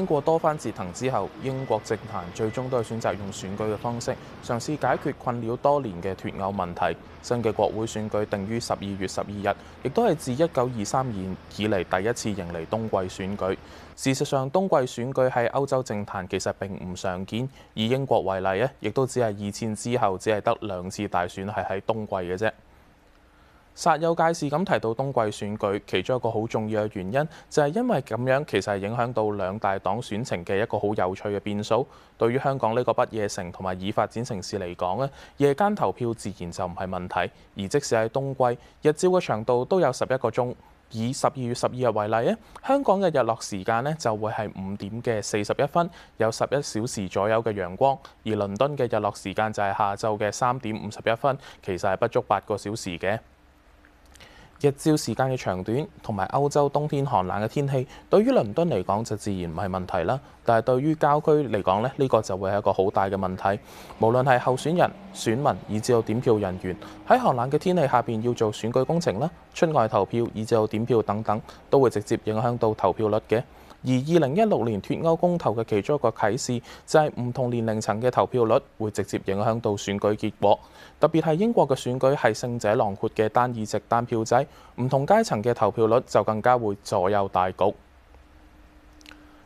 經過多番折騰之後，英國政壇最終都係選擇用選舉嘅方式嘗試解決困擾多年嘅脫歐問題。新嘅國會選舉定於十二月十二日，亦都係自一九二三年以嚟第一次迎嚟冬季選舉。事實上，冬季選舉喺歐洲政壇其實並唔常見，以英國為例咧，亦都只係二戰之後只係得兩次大選係喺冬季嘅啫。煞有介事咁提到冬季選舉，其中一個好重要嘅原因就係、是、因為咁樣其實係影響到兩大黨選情嘅一個好有趣嘅變數。對於香港呢個不夜城同埋已發展城市嚟講呢，夜間投票自然就唔係問題。而即使喺冬季，日照嘅長度都有十一個鐘。以十二月十二日為例咧，香港嘅日落時間呢就會係五點嘅四十一分，有十一小時左右嘅陽光。而倫敦嘅日落時間就係下晝嘅三點五十一分，其實係不足八個小時嘅。日照時間嘅長短，同埋歐洲冬天寒冷嘅天氣，對於倫敦嚟講就自然唔係問題啦。但係對於郊區嚟講呢，呢、呢個就會係一個好大嘅問題。無論係候選人、選民，以至到點票人員，喺寒冷嘅天氣下邊要做選舉工程啦、出外投票，以至到點票等等，都會直接影響到投票率嘅。而二零一六年脫歐公投嘅其中一個啟示，就係唔同年齡層嘅投票率會直接影響到選舉結果，特別係英國嘅選舉係勝者囊括嘅單議席單票制，唔同階層嘅投票率就更加會左右大局。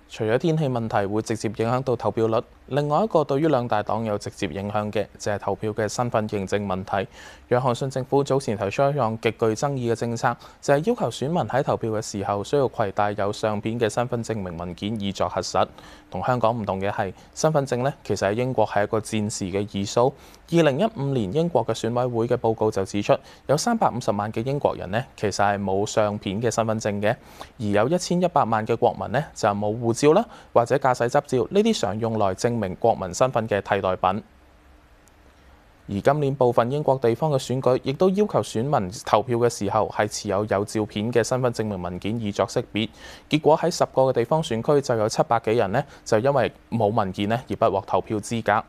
除咗天氣問題會直接影響到投票率，另外一個對於兩大黨有直接影響嘅，就係投票嘅身份認證問題。約翰遜政府早前提出一樣極具爭議嘅政策，就係要求選民喺投票嘅時候需要攜帶有相片嘅身份證明文件以作核實。同香港唔同嘅係，身份證呢其實喺英國係一個戰時嘅二蘇。二零一五年英國嘅選委會嘅報告就指出，有三百五十萬嘅英國人呢其實係冇相片嘅身份證嘅，而有一千一百萬嘅國民呢就冇護照。照啦，或者駕駛執照，呢啲常用來證明國民身份嘅替代品。而今年部分英國地方嘅選舉，亦都要求選民投票嘅時候係持有有照片嘅身份證明文件以作識別。結果喺十個嘅地方選區，就有七百幾人呢就因為冇文件咧而不獲投票資格。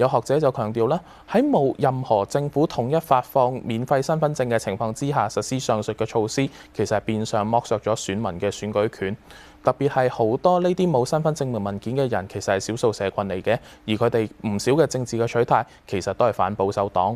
有學者就強調咧，喺冇任何政府統一發放免費身份證嘅情況之下，實施上述嘅措施，其實係變相剝削咗選民嘅選舉權。特別係好多呢啲冇身份證明文件嘅人，其實係少數社群嚟嘅，而佢哋唔少嘅政治嘅取態，其實都係反保守黨。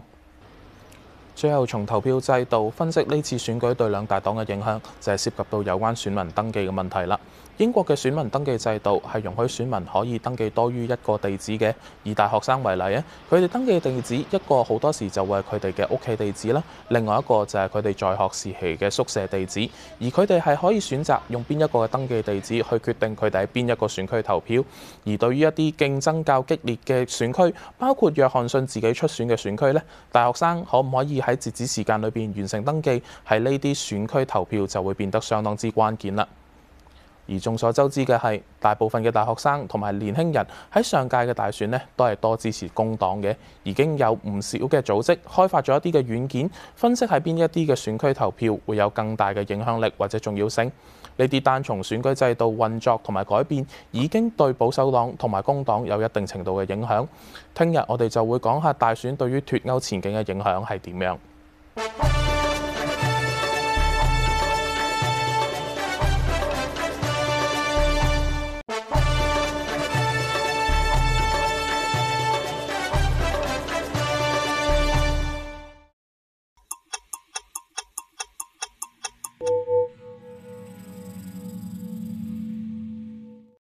最後從投票制度分析呢次選舉對兩大黨嘅影響，就係涉及到有關選民登記嘅問題啦。英國嘅選民登記制度係容許選民可以登記多於一個地址嘅。以大學生為例，佢哋登記嘅地址一個好多時就會係佢哋嘅屋企地址啦，另外一個就係佢哋在學時期嘅宿舍地址。而佢哋係可以選擇用邊一個嘅登記地址去決定佢哋喺邊一個選區投票。而對於一啲競爭較激烈嘅選區，包括約翰遜自己出選嘅選區呢，大學生可唔可以喺截止時間裏邊完成登記，喺呢啲選區投票就會變得相當之關鍵啦。而眾所周知嘅，係大部分嘅大學生同埋年輕人喺上屆嘅大選呢都係多支持工黨嘅。已經有唔少嘅組織開發咗一啲嘅軟件，分析喺邊一啲嘅選區投票會有更大嘅影響力或者重要性。呢啲單從選舉制度運作同埋改變已經對保守黨同埋工黨有一定程度嘅影響，聽日我哋就會講下大選對於脫歐前景嘅影響係點樣。